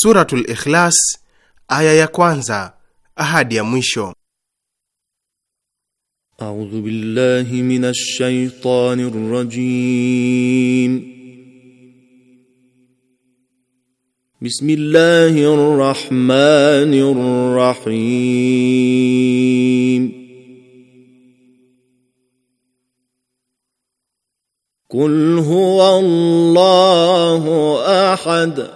Suratul Ikhlas aya ya kwanza ahadi ya mwisho. A'udhu billahi minash shaitanir rajim. Bismillahir rahmanir rahim. قل هو الله احد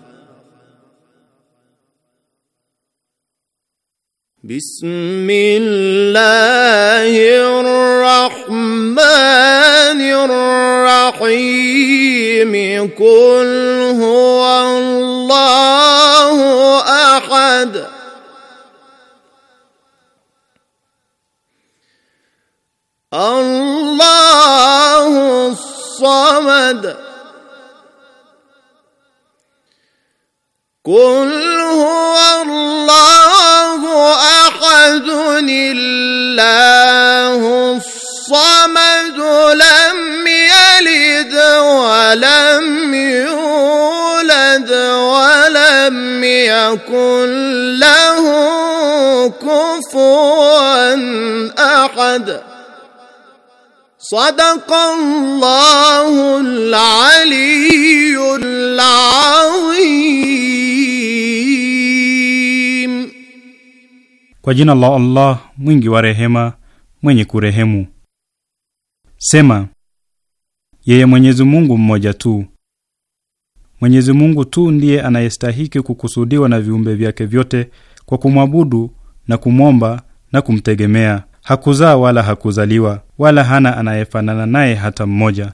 بسم الله الرحمن الرحيم قل هو الله احد الله الصمد قل له الصمد لم يلد ولم يولد ولم يكن له كفوا احد صدق الله العلي العظيم kwa jina la allah mwingi wa rehema mwenye kurehemu. Sema, yeye Mwenyezi Mungu mmoja tu. Mwenyezi Mungu tu ndiye anayestahiki kukusudiwa na viumbe vyake vyote kwa kumwabudu na kumwomba na kumtegemea. Hakuzaa wala hakuzaliwa wala hana anayefanana naye hata mmoja.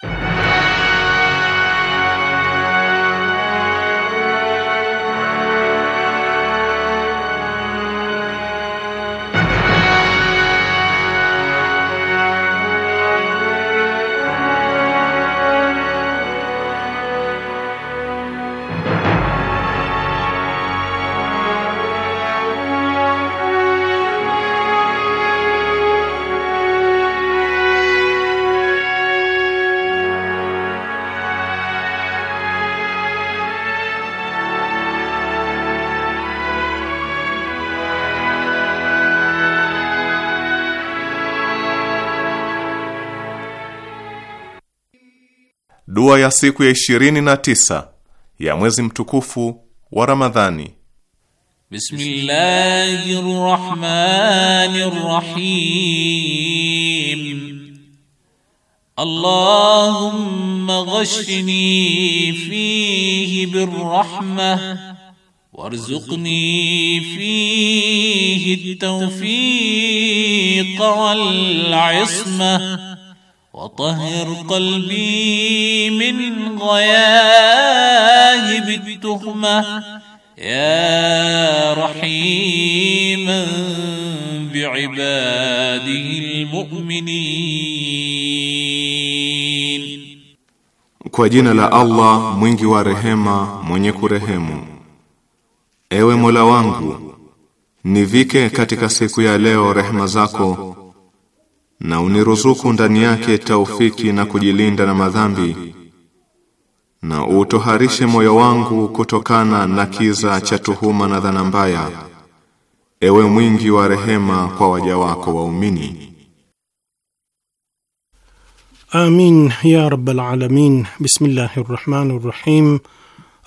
Dua ya siku ya 29 ya mwezi mtukufu wa Ramadhani. Bismillahirrahmanirrahim. Allahumma ghashni fihi birrahma warzuqni fihi at-tawfiq wal-isma وطهر قلبي من غياهب التهمة يا رحيما بعباده المؤمنين Kwa jina la Allah mwingi wa rehema mwenye kurehemu Ewe Mola wangu nivike katika siku ya leo rehema zako na uniruzuku ndani yake taufiki na kujilinda na madhambi na utoharishe moyo wangu kutokana na kiza cha tuhuma na dhana mbaya ewe mwingi wa rehema kwa waja wako waumini amin ya rabbal alamin bismillahir rahmanir rahim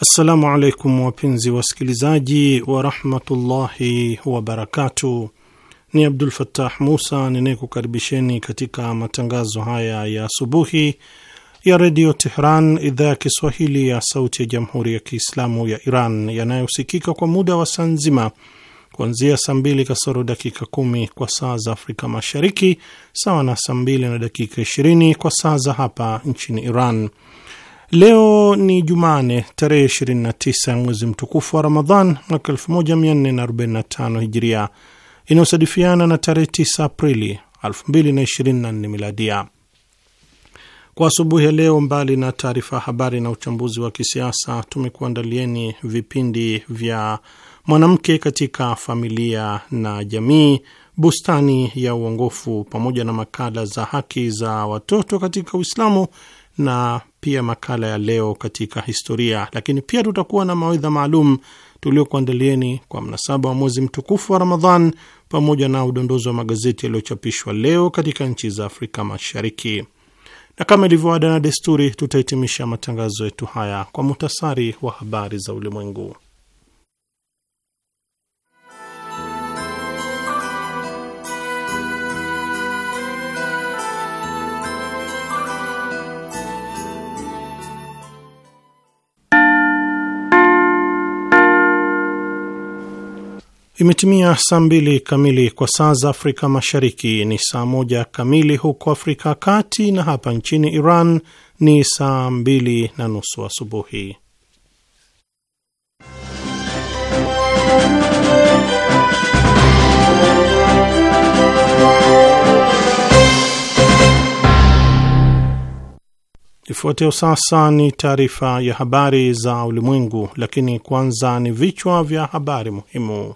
assalamu alaykum wapenzi wasikilizaji wa rahmatullahi wa barakatuh ni Abdul Fattah Musa ninayekukaribisheni katika matangazo haya ya asubuhi ya Redio Tehran, idhaa ya Kiswahili ya sauti ya Jamhuri ya Kiislamu ya Iran, yanayosikika kwa muda wa saa nzima kuanzia saa mbili kasoro dakika kumi kwa saa za Afrika Mashariki, sawa na saa mbili na dakika ishirini kwa saa za hapa nchini Iran. Leo ni Jumane tarehe 29 ya mwezi mtukufu wa Ramadhan mwaka 1445 Hijiria, inayosadifiana na tarehe 9 Aprili 2024 miladia. Kwa asubuhi ya leo, mbali na taarifa ya habari na uchambuzi wa kisiasa, tumekuandalieni vipindi vya mwanamke katika familia na jamii, bustani ya uongofu, pamoja na makala za haki za watoto katika Uislamu na pia makala ya leo katika historia. Lakini pia tutakuwa na mawaidha maalum tuliokuandalieni kwa mnasaba wa mwezi mtukufu wa Ramadhan pamoja na udondozi wa magazeti yaliyochapishwa leo katika nchi za Afrika Mashariki, na kama ilivyoada na desturi, tutahitimisha matangazo yetu haya kwa muhtasari wa habari za ulimwengu. Imetimia saa mbili kamili kwa saa za Afrika Mashariki, ni saa moja kamili huko Afrika ya Kati, na hapa nchini Iran ni saa mbili na nusu asubuhi. Ifuatayo sasa ni taarifa ya habari za ulimwengu, lakini kwanza ni vichwa vya habari muhimu.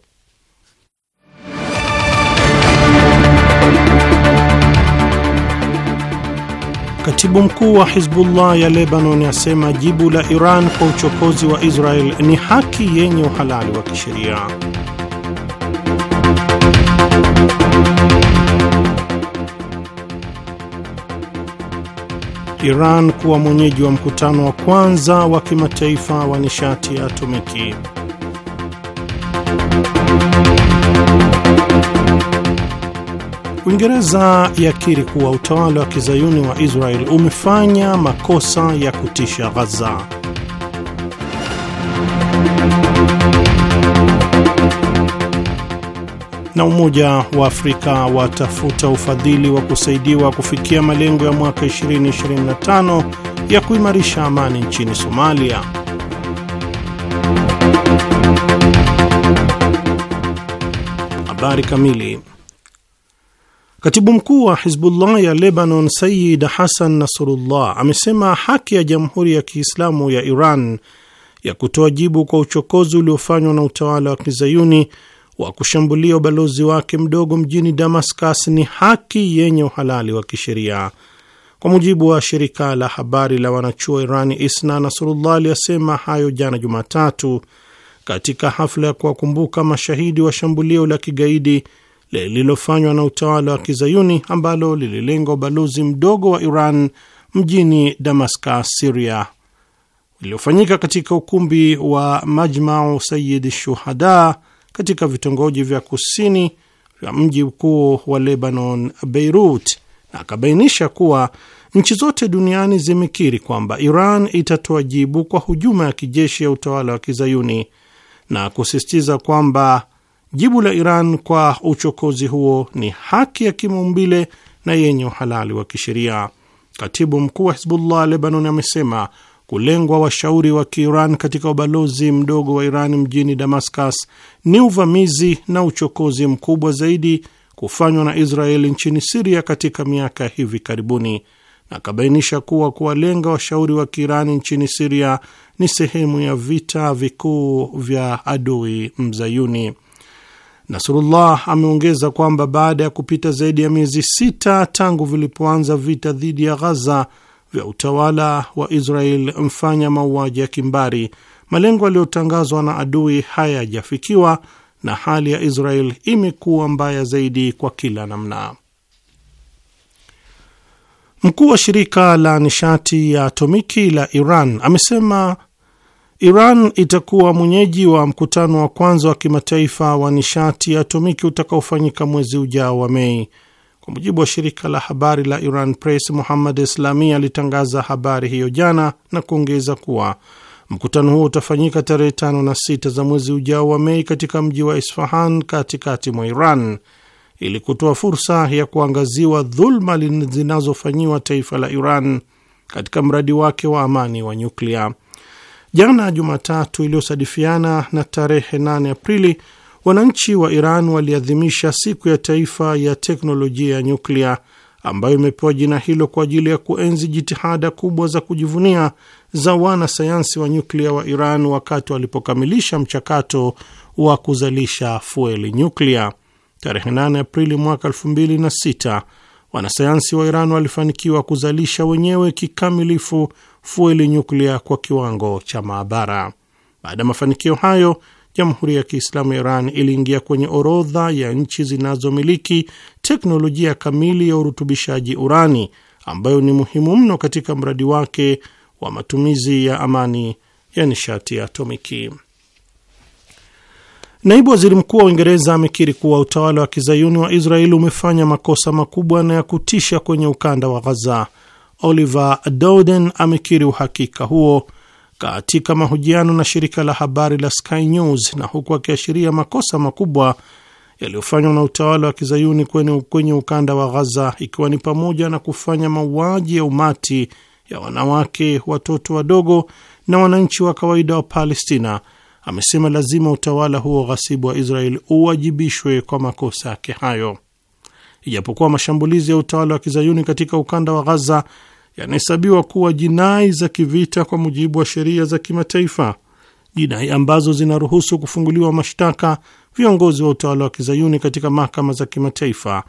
Katibu mkuu wa Hizbullah ya Lebanon asema jibu la Iran kwa uchokozi wa Israel ni haki yenye uhalali wa kisheria. Iran kuwa mwenyeji wa mkutano wa kwanza wa kimataifa wa nishati ya atomiki. Uingereza yakiri kuwa utawala wa kizayuni wa Israel umefanya makosa ya kutisha Ghaza. Na Umoja wa Afrika watafuta ufadhili wa kusaidiwa kufikia malengo ya mwaka 2025 ya kuimarisha amani nchini Somalia. Habari kamili Katibu mkuu wa Hizbullah ya Lebanon Sayid Hasan Nasrullah amesema haki ya Jamhuri ya Kiislamu ya Iran ya kutoa jibu kwa uchokozi uliofanywa na utawala wa kizayuni wa kushambulia ubalozi wake mdogo mjini Damascus ni haki yenye uhalali wa kisheria. Kwa mujibu wa shirika la habari la wanachuo Irani ISNA, Nasrullah aliyasema hayo jana Jumatatu katika hafla ya kuwakumbuka mashahidi wa shambulio la kigaidi lililofanywa na utawala wa kizayuni ambalo lililenga ubalozi mdogo wa Iran mjini Damascus, Siria, iliyofanyika katika ukumbi wa Majmau Sayid Shuhada katika vitongoji vya kusini vya mji mkuu wa Lebanon, Beirut, na akabainisha kuwa nchi zote duniani zimekiri kwamba Iran itatoa jibu kwa hujuma ya kijeshi ya utawala wa kizayuni na kusisitiza kwamba Jibu la Iran kwa uchokozi huo ni haki ya kimaumbile na yenye uhalali wa kisheria. Katibu mkuu wa Hizbullah Lebanon amesema kulengwa washauri wa Kiiran katika ubalozi mdogo wa Iran mjini Damascus ni uvamizi na uchokozi mkubwa zaidi kufanywa na Israeli nchini Siria katika miaka hivi karibuni, na akabainisha kuwa kuwalenga washauri wa Kiirani nchini Siria ni sehemu ya vita vikuu vya adui mzayuni. Nasrullah ameongeza kwamba baada ya kupita zaidi ya miezi sita tangu vilipoanza vita dhidi ya Ghaza vya utawala wa Israel mfanya mauaji ya kimbari, malengo yaliyotangazwa na adui hayajafikiwa na hali ya Israel imekuwa mbaya zaidi kwa kila namna. Mkuu wa shirika la nishati ya atomiki la Iran amesema Iran itakuwa mwenyeji wa mkutano wa kwanza wa kimataifa wa nishati ya atomiki utakaofanyika mwezi ujao wa Mei. Kwa mujibu wa shirika la habari la Iran Press, Muhammad Islami alitangaza habari hiyo jana na kuongeza kuwa mkutano huo utafanyika tarehe tano na sita za mwezi ujao wa Mei katika mji wa Isfahan katikati mwa Iran ili kutoa fursa ya kuangaziwa dhulma zinazofanyiwa taifa la Iran katika mradi wake wa amani wa nyuklia. Jana Jumatatu iliyosadifiana na tarehe 8 Aprili, wananchi wa Iran waliadhimisha siku ya taifa ya teknolojia ya nyuklia ambayo imepewa jina hilo kwa ajili ya kuenzi jitihada kubwa za kujivunia za wanasayansi wa nyuklia wa Iran wakati walipokamilisha mchakato wa kuzalisha fueli nyuklia. Tarehe 8 Aprili mwaka 2006 wanasayansi wa Iran walifanikiwa kuzalisha wenyewe kikamilifu fueli nyuklia kwa kiwango cha maabara. Baada ya mafanikio hayo, Jamhuri ya Kiislamu ya Iran iliingia kwenye orodha ya nchi zinazomiliki teknolojia kamili ya urutubishaji urani ambayo ni muhimu mno katika mradi wake wa matumizi ya amani ya nishati ya atomiki. Naibu waziri mkuu wa Uingereza amekiri kuwa utawala wa kizayuni wa Israeli umefanya makosa makubwa na ya kutisha kwenye ukanda wa Ghaza Oliver Dowden amekiri uhakika huo katika mahojiano na shirika la habari la Sky News, na huku akiashiria makosa makubwa yaliyofanywa na utawala wa kizayuni kwenye ukanda wa Ghaza, ikiwa ni pamoja na kufanya mauaji ya umati ya wanawake, watoto wadogo na wananchi wa kawaida wa Palestina, amesema lazima utawala huo ghasibu wa Israel uwajibishwe kwa makosa yake hayo ijapokuwa mashambulizi ya utawala wa kizayuni katika ukanda wa Ghaza yanahesabiwa kuwa jinai za kivita kwa mujibu wa sheria za kimataifa, jinai ambazo zinaruhusu kufunguliwa mashtaka viongozi wa utawala wa kizayuni katika mahakama za kimataifa.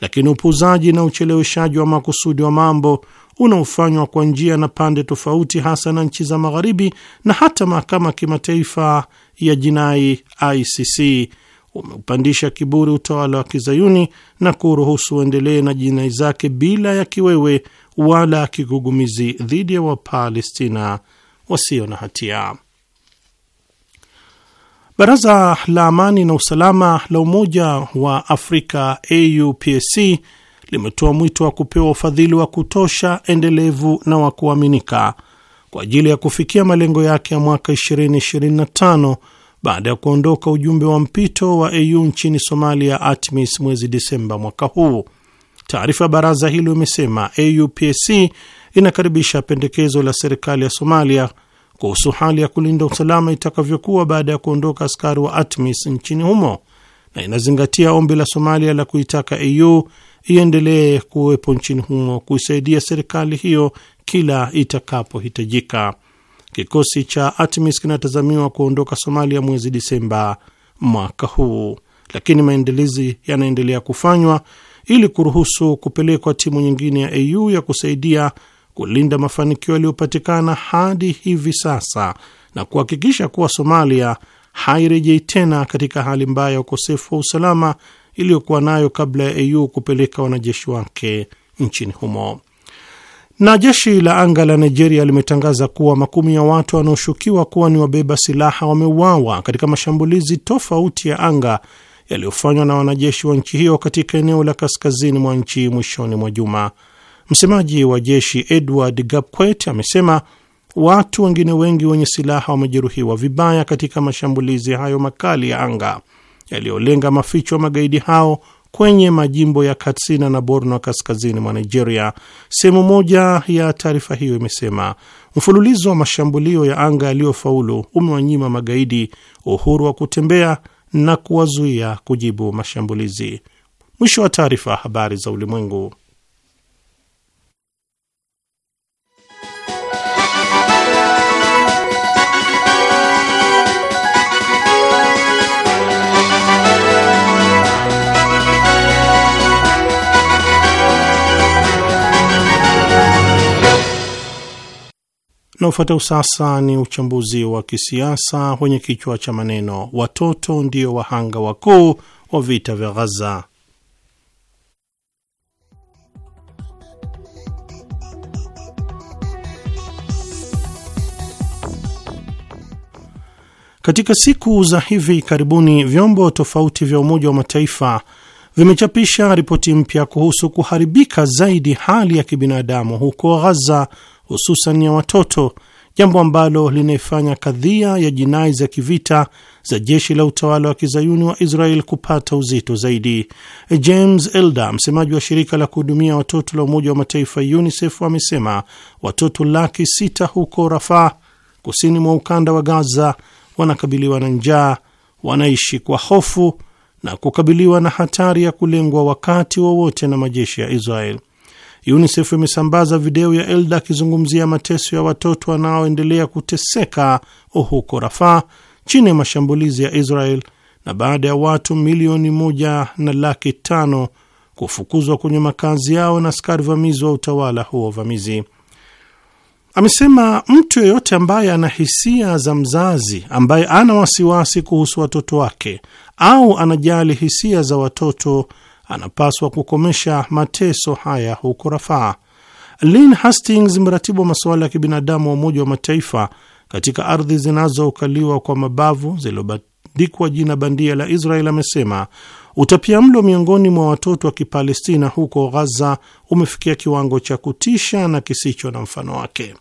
Lakini upuzaji na ucheleweshaji wa makusudi wa mambo unaofanywa kwa njia na pande tofauti, hasa na nchi za Magharibi na hata mahakama ya kimataifa ya jinai ICC umeupandisha kiburi utawala wa kizayuni na kuruhusu uendelee na jinai zake bila ya kiwewe wala kigugumizi dhidi ya Wapalestina wasio na hatia. Baraza la Amani na Usalama la Umoja wa Afrika aupc limetoa mwito wa kupewa ufadhili wa kutosha, endelevu na wa kuaminika kwa ajili ya kufikia malengo yake ya mwaka 2025 baada ya kuondoka ujumbe wa mpito wa AU nchini Somalia, ATMIS, mwezi Disemba mwaka huu. Taarifa ya baraza hilo imesema AUPAC inakaribisha pendekezo la serikali ya Somalia kuhusu hali ya kulinda usalama itakavyokuwa baada ya kuondoka askari wa ATMIS nchini humo na inazingatia ombi la Somalia la kuitaka AU iendelee kuwepo nchini humo kuisaidia serikali hiyo kila itakapohitajika. Kikosi cha ATMIS kinatazamiwa kuondoka Somalia mwezi Disemba mwaka huu, lakini maandalizi yanaendelea kufanywa ili kuruhusu kupelekwa timu nyingine ya AU ya kusaidia kulinda mafanikio yaliyopatikana hadi hivi sasa na kuhakikisha kuwa Somalia hairejei tena katika hali mbaya ya ukosefu wa usalama iliyokuwa nayo kabla ya AU kupeleka wanajeshi wake nchini humo. Na jeshi la anga la Nigeria limetangaza kuwa makumi ya watu wanaoshukiwa kuwa ni wabeba silaha wameuawa katika mashambulizi tofauti ya anga yaliyofanywa na wanajeshi wa nchi hiyo katika eneo la kaskazini mwa nchi mwishoni mwa juma. Msemaji wa jeshi Edward Gapkwet amesema watu wengine wengi wenye silaha wamejeruhiwa vibaya katika mashambulizi hayo makali ya anga yaliyolenga maficho ya magaidi hao kwenye majimbo ya Katsina na Borno kaskazini mwa Nigeria. Sehemu moja ya taarifa hiyo imesema mfululizo wa mashambulio ya anga yaliyofaulu umewanyima magaidi uhuru wa kutembea na kuwazuia kujibu mashambulizi. Mwisho wa taarifa. Habari za Ulimwengu. Na ufuatao sasa ni uchambuzi wa kisiasa wenye kichwa cha maneno watoto ndio wahanga wakuu wa vita vya Ghaza. Katika siku za hivi karibuni vyombo tofauti vya Umoja wa Mataifa vimechapisha ripoti mpya kuhusu kuharibika zaidi hali ya kibinadamu huko Ghaza hususan ya watoto, jambo ambalo linaifanya kadhia ya jinai za kivita za jeshi la utawala wa kizayuni wa Israel kupata uzito zaidi. James Elder, msemaji wa shirika la kuhudumia watoto la Umoja wa Mataifa UNICEF, amesema watoto laki sita huko rafa kusini mwa ukanda wa Gaza, wanakabiliwa na njaa, wanaishi kwa hofu na kukabiliwa na hatari ya kulengwa wakati wowote wa na majeshi ya Israel. UNICEF imesambaza video ya Elda akizungumzia mateso ya watoto wanaoendelea kuteseka huko Rafaa chini ya mashambulizi ya Israel na baada ya watu milioni moja na laki tano kufukuzwa kwenye makazi yao na askari vamizi wa utawala huo vamizi. Amesema mtu yeyote ambaye ana hisia za mzazi, ambaye ana wasiwasi kuhusu watoto wake au anajali hisia za watoto anapaswa kukomesha mateso haya huko Rafaa. Lynn Hastings, mratibu wa masuala ya kibinadamu wa Umoja wa Mataifa katika ardhi zinazokaliwa kwa mabavu zilizobandikwa jina bandia la Israel, amesema utapia mlo miongoni mwa watoto wa Kipalestina huko Ghaza umefikia kiwango cha kutisha na kisicho na mfano wake.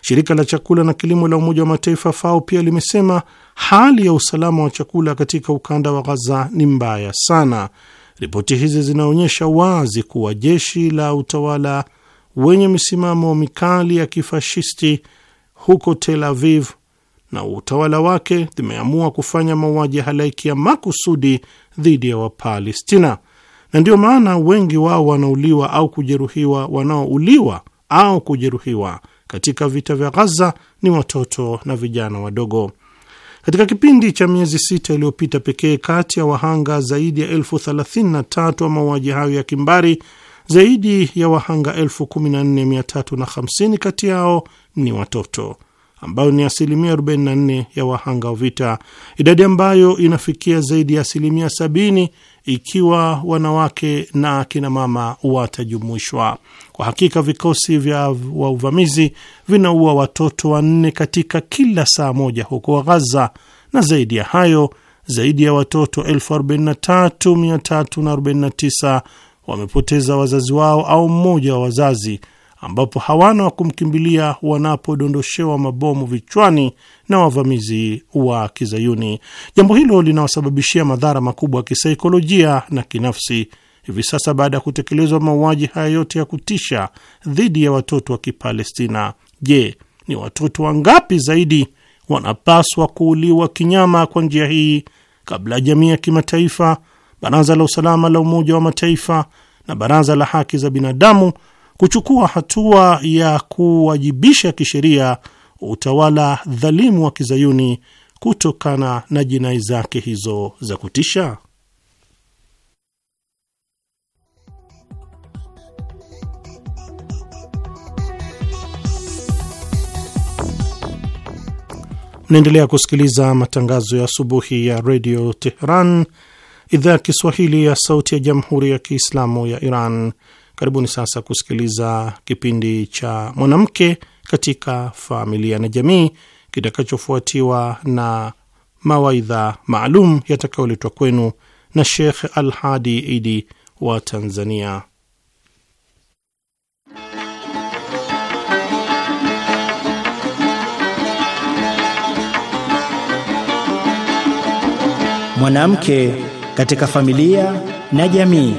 Shirika la chakula na kilimo la Umoja wa Mataifa FAO pia limesema hali ya usalama wa chakula katika ukanda wa Ghaza ni mbaya sana Ripoti hizi zinaonyesha wazi kuwa jeshi la utawala wenye misimamo mikali ya kifashisti huko Tel Aviv na utawala wake zimeamua kufanya mauaji halaiki ya makusudi dhidi ya Wapalestina, na ndiyo maana wengi wao wanauliwa au kujeruhiwa. Wanaouliwa au kujeruhiwa katika vita vya Ghaza ni watoto na vijana wadogo. Katika kipindi cha miezi sita iliyopita pekee, kati ya wahanga zaidi ya elfu tatu wa mauaji hayo ya kimbari, zaidi ya wahanga elfu hamsini kati yao ni watoto ambayo ni asilimia 44 ya wahanga wa vita, idadi ambayo inafikia zaidi ya asilimia sabini ikiwa wanawake na akinamama watajumuishwa. Kwa hakika vikosi vya wauvamizi vinaua watoto wanne katika kila saa moja huko Ghaza, na zaidi ya hayo zaidi ya watoto 43349 wamepoteza wazazi wao au mmoja wa wazazi, ambapo hawana wa kumkimbilia wanapodondoshewa mabomu vichwani na wavamizi wa Kizayuni. Jambo hilo linawasababishia madhara makubwa ya kisaikolojia na kinafsi Hivi sasa baada ya kutekelezwa mauaji haya yote ya kutisha dhidi ya watoto wa Kipalestina, je, ni watoto wangapi zaidi wanapaswa kuuliwa kinyama kwa njia hii kabla ya jamii ya kimataifa, Baraza la Usalama la Umoja wa Mataifa na Baraza la Haki za Binadamu kuchukua hatua ya kuwajibisha kisheria utawala dhalimu wa kizayuni kutokana na jinai zake hizo za kutisha. unaendelea kusikiliza matangazo ya asubuhi ya redio Teheran, idhaa ya Kiswahili ya sauti ya jamhuri ya Kiislamu ya Iran. Karibuni sasa kusikiliza kipindi cha mwanamke katika familia na jamii kitakachofuatiwa na mawaidha maalum yatakayoletwa kwenu na Shekh Al Hadi Idi wa Tanzania. mwanamke katika familia na jamii.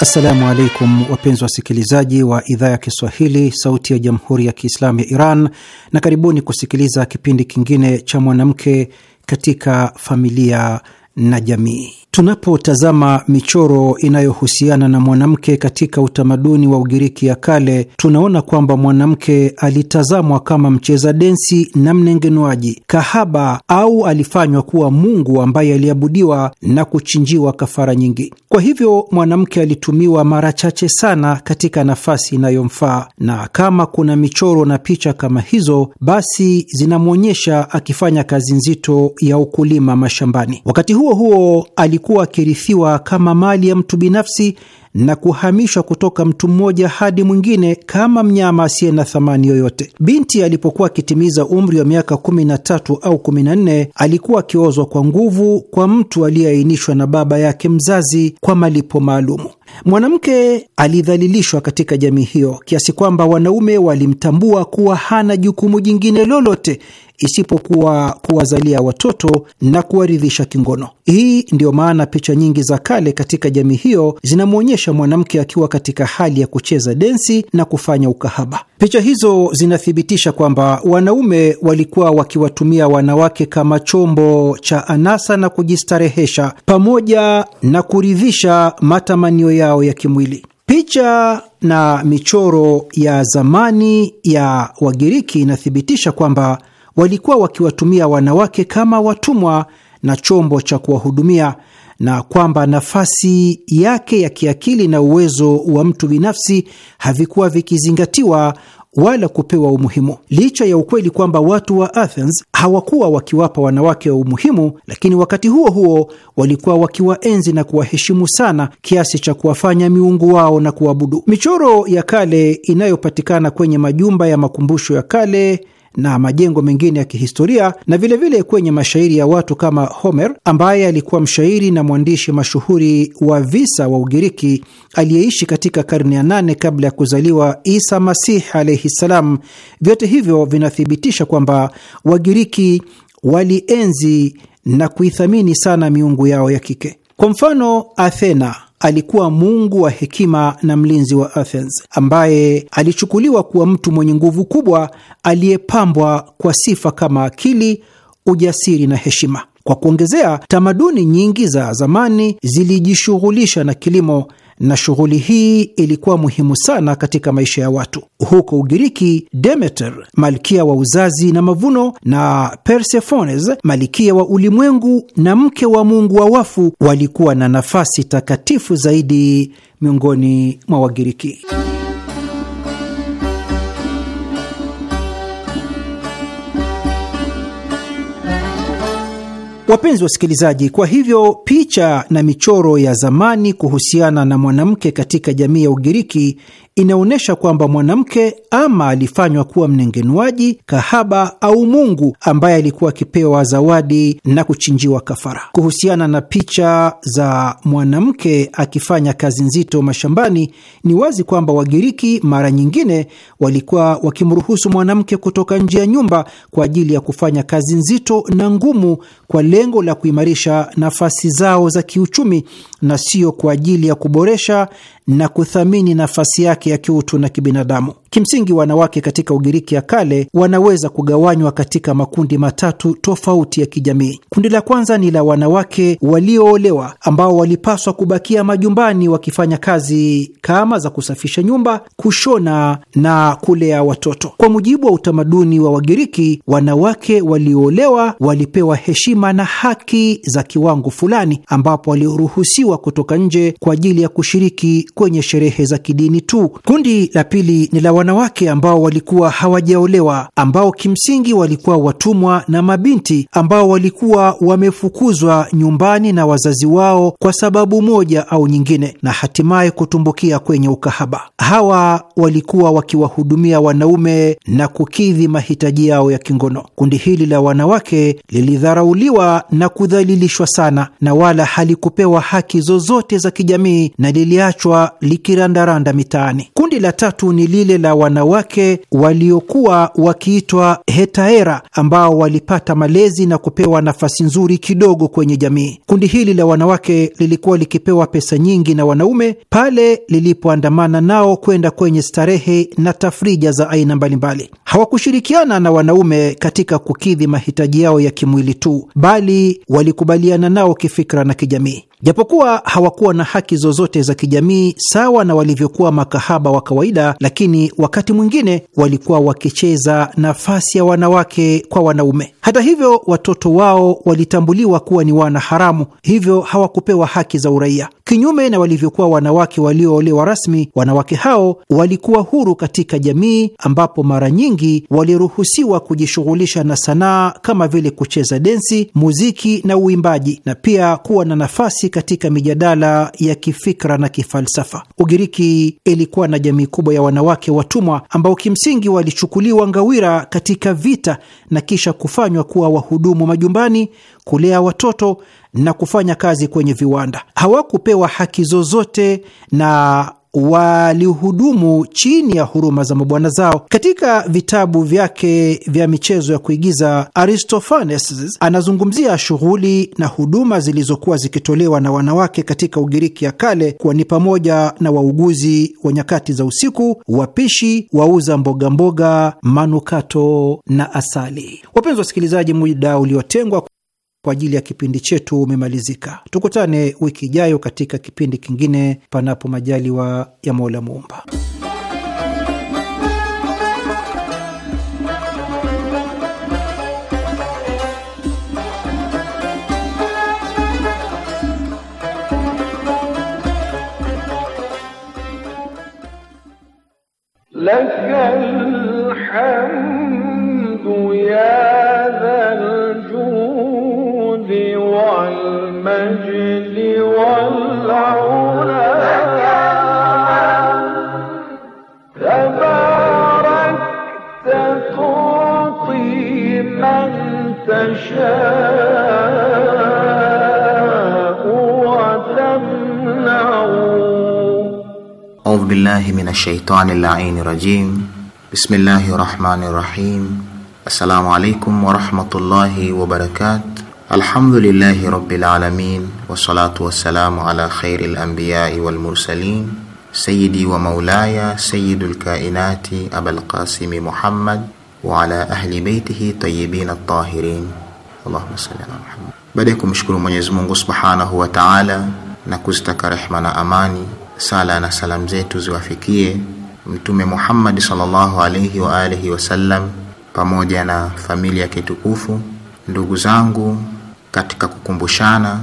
Assalamu alaikum wapenzi wasikilizaji wa idhaa ya Kiswahili, Sauti ya Jamhuri ya Kiislamu ya Iran, na karibuni kusikiliza kipindi kingine cha mwanamke katika familia na jamii. Tunapotazama michoro inayohusiana na mwanamke katika utamaduni wa Ugiriki ya kale, tunaona kwamba mwanamke alitazamwa kama mcheza densi na mnengenuaji, kahaba, au alifanywa kuwa mungu ambaye aliabudiwa na kuchinjiwa kafara nyingi. Kwa hivyo mwanamke alitumiwa mara chache sana katika nafasi inayomfaa, na kama kuna michoro na picha kama hizo, basi zinamwonyesha akifanya kazi nzito ya ukulima mashambani. Wakati huo huo, alikuwa alikuwa akirithiwa kama mali ya mtu binafsi na kuhamishwa kutoka mtu mmoja hadi mwingine kama mnyama asiye na thamani yoyote. Binti alipokuwa akitimiza umri wa miaka kumi na tatu au kumi na nne alikuwa akiozwa kwa nguvu kwa mtu aliyeainishwa na baba yake mzazi kwa malipo maalumu. Mwanamke alidhalilishwa katika jamii hiyo kiasi kwamba wanaume walimtambua kuwa hana jukumu jingine lolote isipokuwa kuwazalia watoto na kuwaridhisha kingono. Hii ndiyo maana picha nyingi za kale katika jamii hiyo zinamwonyesha mwanamke akiwa katika hali ya kucheza densi na kufanya ukahaba. Picha hizo zinathibitisha kwamba wanaume walikuwa wakiwatumia wanawake kama chombo cha anasa na kujistarehesha pamoja na kuridhisha matamanio yao ya kimwili. Picha na michoro ya zamani ya Wagiriki inathibitisha kwamba walikuwa wakiwatumia wanawake kama watumwa na chombo cha kuwahudumia na kwamba nafasi yake ya kiakili na uwezo wa mtu binafsi havikuwa vikizingatiwa wala kupewa umuhimu. Licha ya ukweli kwamba watu wa Athens hawakuwa wakiwapa wanawake wa umuhimu, lakini wakati huo huo walikuwa wakiwaenzi na kuwaheshimu sana kiasi cha kuwafanya miungu wao na kuabudu. Michoro ya kale inayopatikana kwenye majumba ya makumbusho ya kale na majengo mengine ya kihistoria na vilevile vile kwenye mashairi ya watu kama Homer ambaye alikuwa mshairi na mwandishi mashuhuri wa visa wa Ugiriki aliyeishi katika karne ya nane kabla ya kuzaliwa Isa Masih alaihi ssalam. Vyote hivyo vinathibitisha kwamba Wagiriki walienzi na kuithamini sana miungu yao ya kike. Kwa mfano, Athena alikuwa mungu wa hekima na mlinzi wa Athens, ambaye alichukuliwa kuwa mtu mwenye nguvu kubwa aliyepambwa kwa sifa kama akili, ujasiri na heshima. Kwa kuongezea, tamaduni nyingi za zamani zilijishughulisha na kilimo na shughuli hii ilikuwa muhimu sana katika maisha ya watu. Huko Ugiriki, Demeter, malkia wa uzazi na mavuno, na Persefones, malkia wa ulimwengu na mke wa mungu wa wafu, walikuwa na nafasi takatifu zaidi miongoni mwa Wagiriki. Wapenzi wasikilizaji, kwa hivyo picha na michoro ya zamani kuhusiana na mwanamke katika jamii ya Ugiriki inaonyesha kwamba mwanamke ama alifanywa kuwa mnengenuaji, kahaba au mungu ambaye alikuwa akipewa zawadi na kuchinjiwa kafara. Kuhusiana na picha za mwanamke akifanya kazi nzito mashambani, ni wazi kwamba Wagiriki mara nyingine walikuwa wakimruhusu mwanamke kutoka nje ya nyumba kwa ajili ya kufanya kazi nzito na ngumu kwa lengo la kuimarisha nafasi zao za kiuchumi na sio kwa ajili ya kuboresha na kuthamini nafasi yake ya kiutu na kibinadamu. Kimsingi, wanawake katika Ugiriki ya kale wanaweza kugawanywa katika makundi matatu tofauti ya kijamii. Kundi la kwanza ni la wanawake walioolewa ambao walipaswa kubakia majumbani wakifanya kazi kama za kusafisha nyumba, kushona na kulea watoto. Kwa mujibu wa utamaduni wa Wagiriki, wanawake walioolewa walipewa heshima na haki za kiwango fulani, ambapo waliruhusiwa kutoka nje kwa ajili ya kushiriki kwenye sherehe za kidini tu. Kundi la pili ni la wanawake ambao walikuwa hawajaolewa, ambao kimsingi walikuwa watumwa na mabinti ambao walikuwa wamefukuzwa nyumbani na wazazi wao kwa sababu moja au nyingine, na hatimaye kutumbukia kwenye ukahaba. Hawa walikuwa wakiwahudumia wanaume na kukidhi mahitaji yao ya kingono. Kundi hili la wanawake lilidharauliwa na kudhalilishwa sana na wala halikupewa haki zozote za kijamii na liliachwa likirandaranda mitaani. Kundi la tatu ni lile la wanawake waliokuwa wakiitwa hetaera, ambao walipata malezi na kupewa nafasi nzuri kidogo kwenye jamii. Kundi hili la wanawake lilikuwa likipewa pesa nyingi na wanaume pale lilipoandamana nao kwenda kwenye starehe na tafrija za aina mbalimbali. Hawakushirikiana na wanaume katika kukidhi mahitaji yao ya kimwili tu, bali walikubaliana nao kifikra na kijamii. Japokuwa hawakuwa na haki zozote za kijamii sawa na walivyokuwa makahaba wa kawaida, lakini wakati mwingine walikuwa wakicheza nafasi ya wanawake kwa wanaume. Hata hivyo, watoto wao walitambuliwa kuwa ni wana haramu, hivyo hawakupewa haki za uraia. Kinyume na walivyokuwa wanawake walioolewa rasmi, wanawake hao walikuwa huru katika jamii, ambapo mara nyingi waliruhusiwa kujishughulisha na sanaa kama vile kucheza densi, muziki na uimbaji, na pia kuwa na nafasi katika mijadala ya kifikra na kifalsafa. Ugiriki ilikuwa na jamii kubwa ya wanawake watumwa ambao kimsingi walichukuliwa ngawira katika vita na kisha kufanywa kuwa wahudumu majumbani kulea watoto na kufanya kazi kwenye viwanda. Hawakupewa haki zozote na walihudumu chini ya huruma za mabwana zao. Katika vitabu vyake vya michezo ya kuigiza, Aristophanes anazungumzia shughuli na huduma zilizokuwa zikitolewa na wanawake katika Ugiriki ya kale, kuwa ni pamoja na wauguzi wa nyakati za usiku, wapishi, wauza mbogamboga, manukato na asali. Wapenzi wasikilizaji, muda uliotengwa kwa ajili ya kipindi chetu umemalizika. Tukutane wiki ijayo katika kipindi kingine, panapo majaliwa ya Mola Muumba. Laka alhamdu ya dhal والمجد والعلا تباركت تعطي من تشاء وتمنع أعوذ بالله من الشيطان اللعين الرجيم بسم الله الرحمن الرحيم السلام عليكم ورحمة الله وبركاته Alhamdulillahi Rabbil Alamin Wassalatu wassalamu ala khairil anbiya'i wal mursalin Sayyidi wa maulaya Sayyidul kainati Abul Qasimi Muhammad Wa ala ahli baitihi tayyibin at-tahirin Allahumma salli ala Muhammad Baada ya kumshukuru Mwenyezi Mungu Subhanahu wa Ta'ala na kuzitaka rehma na amani sala na salam zetu ziwafikie Mtume Muhammad sallallahu alayhi wa alihi wasallam pamoja na familia kitukufu ndugu zangu katika kukumbushana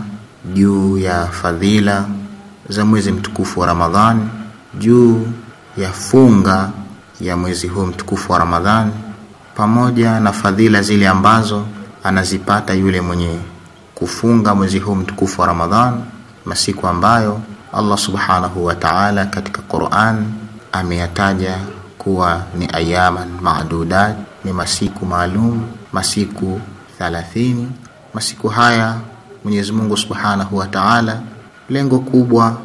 juu ya fadhila za mwezi mtukufu wa ramadhan juu ya funga ya mwezi huu mtukufu wa ramadhan pamoja na fadhila zile ambazo anazipata yule mwenye kufunga mwezi huu mtukufu wa ramadhan masiku ambayo Allah subhanahu wa ta'ala katika Qur'an ameyataja kuwa ni ayaman ma'dudat, ni masiku maalum, masiku thalathini masiku haya Mwenyezi Mungu Subhanahu wa Ta'ala, lengo kubwa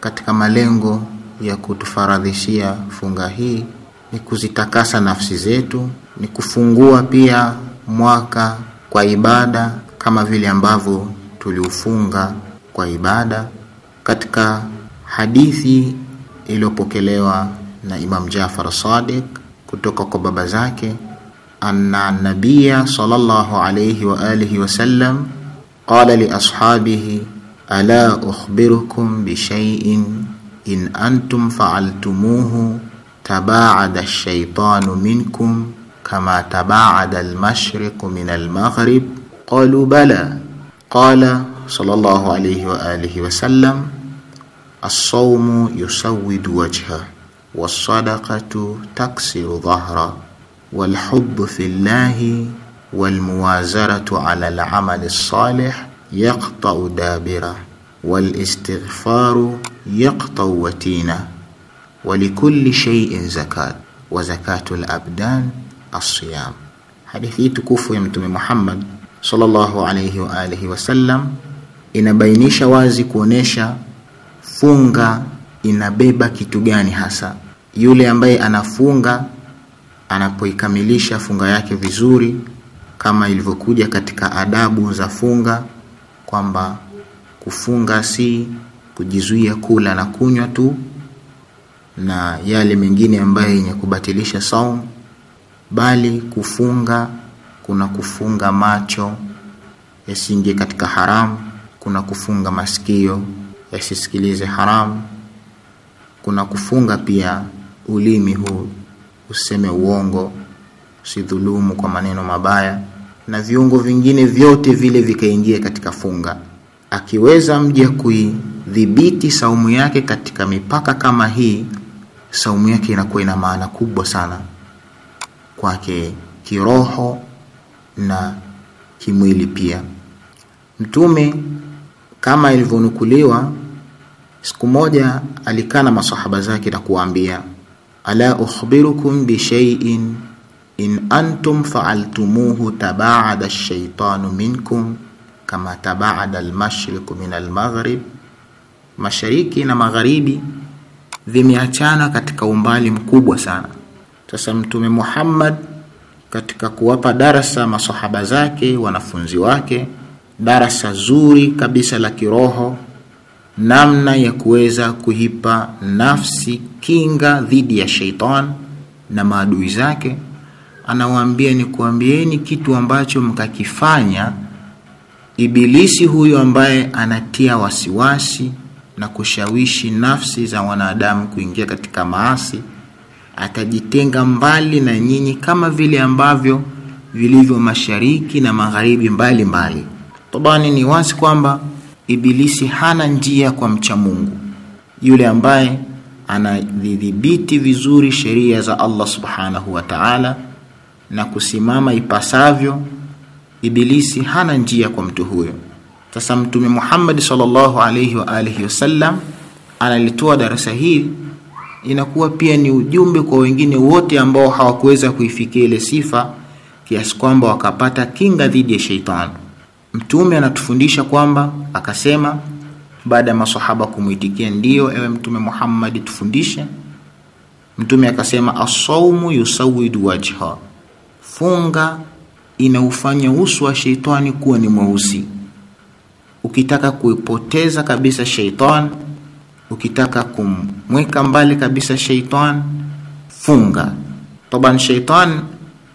katika malengo ya kutufaradhishia funga hii ni kuzitakasa nafsi zetu, ni kufungua pia mwaka kwa ibada kama vile ambavyo tuliufunga kwa ibada. Katika hadithi iliyopokelewa na Imam Jafar Sadiq kutoka kwa baba zake أن النبي صلى الله عليه وآله وسلم قال لأصحابه ألا أخبركم بشيء إن أنتم فعلتموه تباعد الشيطان منكم كما تباعد المشرق من المغرب قالوا بلى قال صلى الله عليه وآله وسلم الصوم يسود وجهه والصدقة تكسر ظهره والحب في الله والموازرة على العمل الصالح يقطع دابرة والاستغفار يقطع وتينة ولكل شيء زكاة وزكاة الأبدان الصيام حديثي تكفو يمتم محمد صلى الله عليه وآله وسلم إن بينيش وازي كونيشا فونغا إن بيبا كتوغاني هسا يولي أنبي أنا فونغا anapoikamilisha funga yake vizuri kama ilivyokuja katika adabu za funga kwamba kufunga si kujizuia kula na kunywa tu na yale mengine ambayo yenye kubatilisha saum bali kufunga kuna kufunga macho yasiingie katika haramu kuna kufunga masikio yasisikilize haramu kuna kufunga pia ulimi huu useme uongo usidhulumu kwa maneno mabaya na viungo vingine vyote vile vikaingia katika funga akiweza mje kuidhibiti saumu yake katika mipaka kama hii saumu yake inakuwa ina maana kubwa sana kwake kiroho na kimwili pia mtume kama ilivyonukuliwa siku moja alikaa na masahaba zake na kuwaambia ala ukhbirukum shay'in in antum faaltumuhu tabaada ash-shaytanu minkum kama tabaada almashriqu min almaghrib, mashariki na magharibi vimeachana katika umbali mkubwa sana. Sasa Mtume Muhammad katika kuwapa darasa masohaba zake, wanafunzi wake, darasa zuri kabisa la kiroho namna ya kuweza kuipa nafsi kinga dhidi ya sheitan na maadui zake anawaambia ni kuambieni kitu ambacho mkakifanya ibilisi huyo ambaye anatia wasiwasi na kushawishi nafsi za wanadamu kuingia katika maasi atajitenga mbali na nyinyi kama vile ambavyo vilivyo mashariki na magharibi mbali mbali tobani ni wasi kwamba Ibilisi hana njia kwa mcha Mungu, yule ambaye anadhibiti vizuri sheria za Allah subhanahu wa ta'ala na kusimama ipasavyo, Ibilisi hana njia kwa mtu huyo. Sasa Mtume Muhammad sallallahu alayhi wa alihi wasallam analitoa darasa hili, inakuwa pia ni ujumbe kwa wengine wote ambao hawakuweza kuifikia ile sifa kiasi kwamba wakapata kinga dhidi ya sheitani. Mtume anatufundisha kwamba akasema, baada ya masahaba kumwitikia ndiyo, ewe Mtume Muhammad, tufundishe. Mtume akasema, asaumu yusawidu wajha, funga inaufanya uso wa sheitani kuwa ni mweusi. Ukitaka kuipoteza kabisa sheitani, ukitaka kumweka mbali kabisa sheitani, funga. Taban, sheitani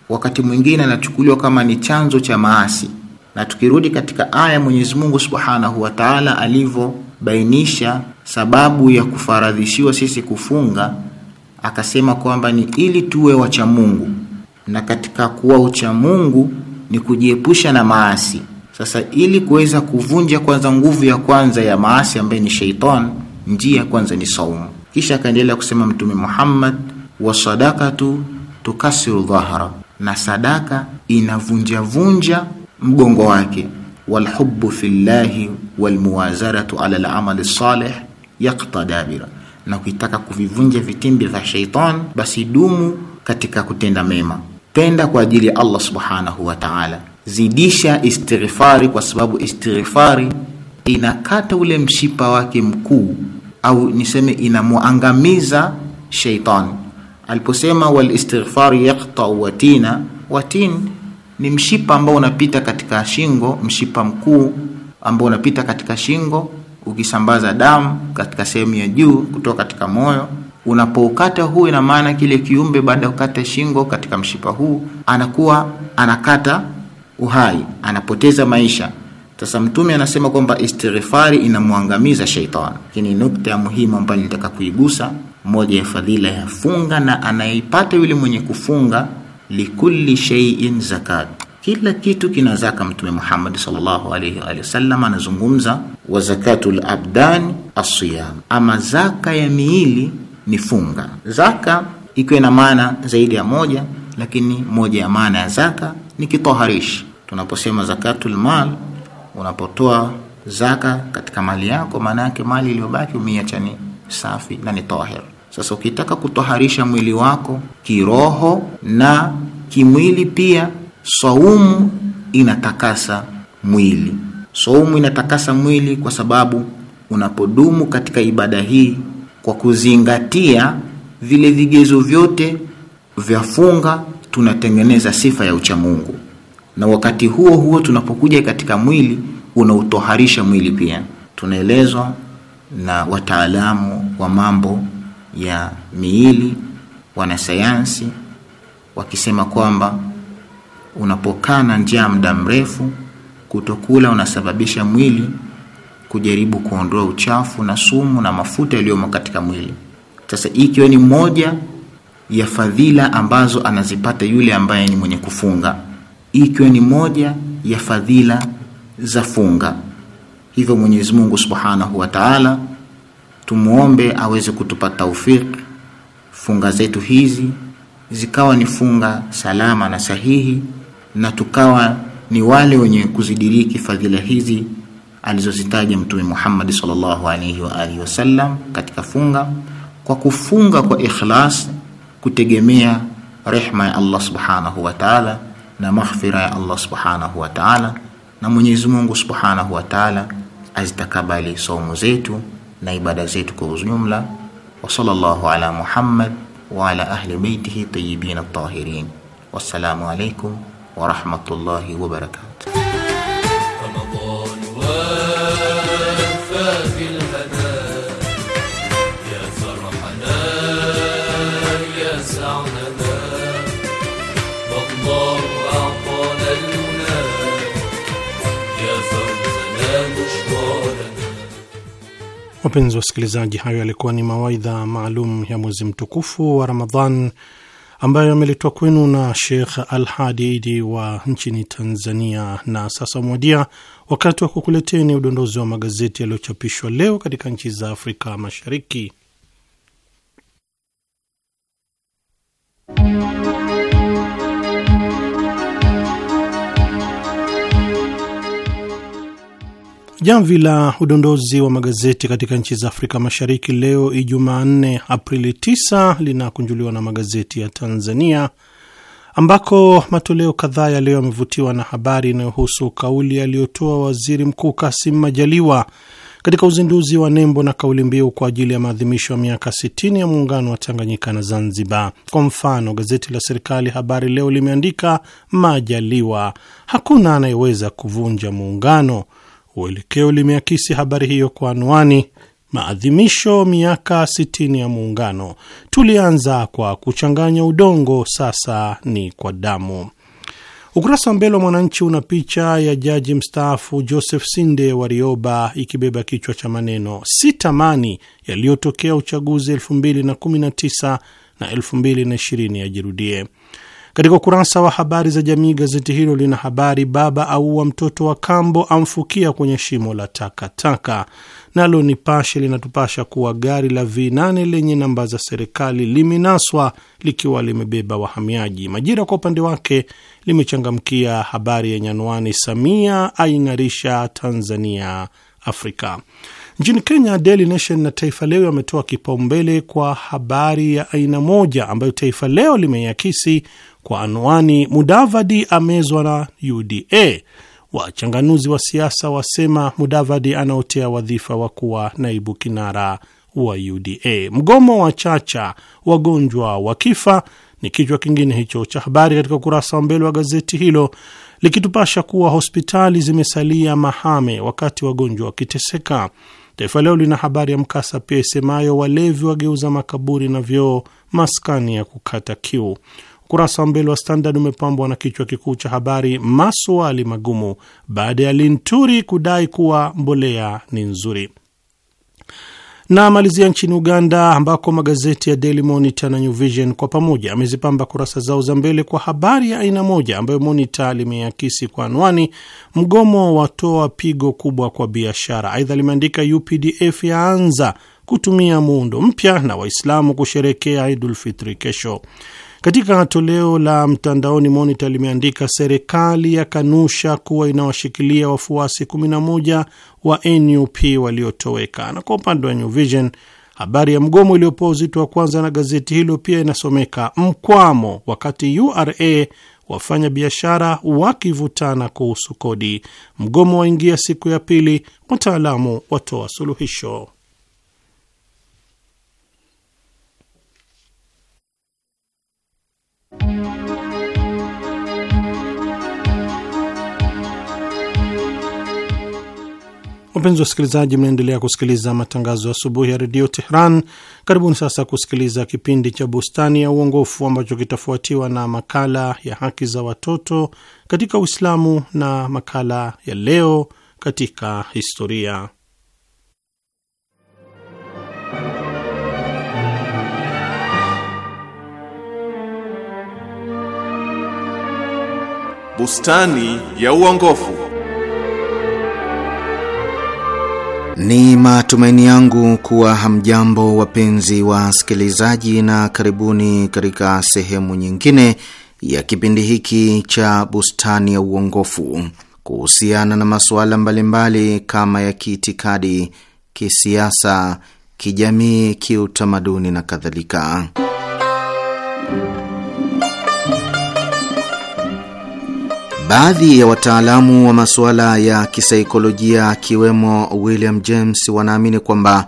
wakati mwingine anachukuliwa kama ni chanzo cha maasi na tukirudi katika aya Mwenyezi Mungu Subhanahu wa Ta'ala alivyobainisha sababu ya kufaradhishiwa sisi kufunga, akasema kwamba ni ili tuwe wacha Mungu, na katika kuwa ucha Mungu ni kujiepusha na maasi. Sasa ili kuweza kuvunja kwanza nguvu ya kwanza ya maasi ambaye ni shaitan, njia ya kwanza ni saumu. Kisha akaendelea kusema Mtume Muhammad, wa sadakatu tukasiru dhahra, na sadaka inavunjavunja mgongo wake walhubbu fillahi walmuwazaratu ala al salih yaqta dabira na kuitaka kuvivunja vitimbi vya shaitan basi dumu katika kutenda mema penda kwa ajili ya Allah subhanahu wa ta'ala zidisha istighfari kwa sababu istighfari inakata ule mshipa wake mkuu au niseme inamwangamiza shaitan aliposema wal istighfar yaqta watina watin ni mshipa ambao unapita katika shingo, mshipa mkuu ambao unapita katika shingo ukisambaza damu katika sehemu ya juu kutoka katika moyo. Unapoukata huu, ina maana kile kiumbe baada ya kukata shingo katika mshipa huu anakuwa anakata uhai, anapoteza maisha. Sasa Mtume anasema kwamba istighfari inamwangamiza sheitani. Lakini nukta ya muhimu ambayo nitaka kuigusa, moja ya fadhila ya funga na anaipata yule mwenye kufunga likulli shay'in zakat, kila kitu kina zaka. Mtume Muhammad sallallahu alayhi wa sallam anazungumza wa zakatul abdan asiyam, ama zaka ya miili ni funga. Zaka ikiwa na maana zaidi ya moja, lakini moja ya maana ya zaka ni kitoharishi. Tunaposema zakatul mal, unapotoa zaka katika mali yako, maana yake mali iliyobaki umeiacha ni safi na ni tahir. Sasa ukitaka kutoharisha mwili wako kiroho na kimwili pia, saumu inatakasa mwili. Saumu inatakasa mwili kwa sababu unapodumu katika ibada hii kwa kuzingatia vile vigezo vyote vya funga, tunatengeneza sifa ya uchamungu, na wakati huo huo tunapokuja katika mwili unautoharisha mwili pia. Tunaelezwa na wataalamu wa mambo ya miili wanasayansi wakisema kwamba unapokana njia muda mrefu kutokula unasababisha mwili kujaribu kuondoa uchafu na sumu na mafuta yaliyomo katika mwili sasa hii ikiwa ni moja ya fadhila ambazo anazipata yule ambaye ni mwenye kufunga hii ikiwa ni moja ya fadhila za funga hivyo mwenyezi mungu subhanahu wa taala Tumuombe aweze kutupa taufik funga zetu hizi zikawa ni funga salama na sahihi, na tukawa ni wale wenye kuzidiriki fadhila hizi alizozitaja Mtume Muhammad sallallahu alaihi wa alihi wasallam katika funga, kwa kufunga kwa ikhlas, kutegemea rehma ya Allah subhanahu wa ta'ala na maghfira ya Allah subhanahu wa ta'ala, na Mwenyezi Mungu subhanahu wa ta'ala azitakabali saumu zetu. na ibada zetu kwa ujumla wa sallallahu ala Muhammad wa ala ahli baitihi tayyibin at-tahirin wassalamu alaikum wa rahmatullahi wa barakatuh Wapenzi wasikilizaji, hayo yalikuwa ni mawaidha maalum ya mwezi mtukufu wa Ramadhan ambayo yameletwa kwenu na Shekh Al Hadi Idi wa nchini Tanzania. Na sasa mwadia wakati wa kukuleteni udondozi wa magazeti yaliyochapishwa leo katika nchi za Afrika Mashariki. Jamvi la udondozi wa magazeti katika nchi za Afrika Mashariki leo Ijumaa 4 Aprili 9 linakunjuliwa na magazeti ya Tanzania, ambako matoleo kadhaa ya leo yamevutiwa na habari inayohusu kauli aliyotoa Waziri Mkuu Kasim Majaliwa katika uzinduzi wa nembo na kauli mbiu kwa ajili ya maadhimisho ya miaka 60 ya muungano wa Tanganyika na Zanzibar. Kwa mfano, gazeti la serikali Habari Leo limeandika Majaliwa, hakuna anayeweza kuvunja muungano Uelekeo limeakisi habari hiyo kwa anwani maadhimisho miaka 60 ya Muungano, tulianza kwa kuchanganya udongo, sasa ni kwa damu. Ukurasa wa mbele wa Mwananchi una picha ya jaji mstaafu Joseph Sinde Warioba ikibeba kichwa cha maneno si tamani yaliyotokea uchaguzi 2019 na 2020 yajirudie. Katika ukurasa wa habari za jamii, gazeti hilo lina habari baba aua mtoto wa kambo, amfukia kwenye shimo la takataka. Nalo Nipashe linatupasha kuwa gari la V8 lenye namba za serikali limenaswa likiwa limebeba wahamiaji. Majira kwa upande wake limechangamkia habari yenye anwani, Samia aing'arisha Tanzania Afrika. Nchini Kenya, Daily Nation na Taifa Leo yametoa kipaumbele kwa habari ya aina moja ambayo Taifa Leo limeiakisi kwa anwani, Mudavadi amezwa na UDA. Wachanganuzi wa siasa wasema Mudavadi anaotea wadhifa wa kuwa naibu kinara wa UDA. Mgomo wa Chacha, wagonjwa wa kifa ni kichwa kingine hicho cha habari katika ukurasa wa mbele wa gazeti hilo, likitupasha kuwa hospitali zimesalia mahame wakati wagonjwa wakiteseka. Taifa Leo lina habari ya mkasa pia isemayo walevi wageuza makaburi na vyoo maskani ya kukata kiu. Ukurasa wa mbele wa Standard umepambwa na kichwa kikuu cha habari, maswali magumu baada ya Linturi kudai kuwa mbolea ni nzuri na malizia nchini Uganda ambako magazeti ya Daily Monitor na New Vision kwa pamoja amezipamba kurasa zao za mbele kwa habari ya aina moja ambayo Monitor limeakisi kwa anwani mgomo watoa pigo kubwa kwa biashara. Aidha limeandika UPDF yaanza kutumia muundo mpya na Waislamu kusherekea Idul Fitri kesho. Katika toleo la mtandaoni Monitor limeandika serikali yakanusha kuwa inawashikilia wafuasi 11 wa NUP waliotoweka. Na kwa upande wa New Vision, habari ya mgomo iliyopoa uzito wa kwanza na gazeti hilo pia inasomeka mkwamo, wakati URA wafanya biashara wakivutana kuhusu kodi. Mgomo waingia siku ya pili, wataalamu watoa suluhisho. Wapenzi wasikilizaji, mnaendelea kusikiliza matangazo asubuhi ya redio Tehran. Karibuni sasa kusikiliza kipindi cha Bustani ya Uongofu ambacho kitafuatiwa na makala ya haki za watoto katika Uislamu na makala ya leo katika historia. Bustani ya Uongofu. Ni matumaini yangu kuwa hamjambo wapenzi wa sikilizaji, na karibuni katika sehemu nyingine ya kipindi hiki cha Bustani ya Uongofu kuhusiana na masuala mbalimbali kama ya kiitikadi, kisiasa, kijamii, kiutamaduni na kadhalika. Baadhi ya wataalamu wa masuala ya kisaikolojia akiwemo William James wanaamini kwamba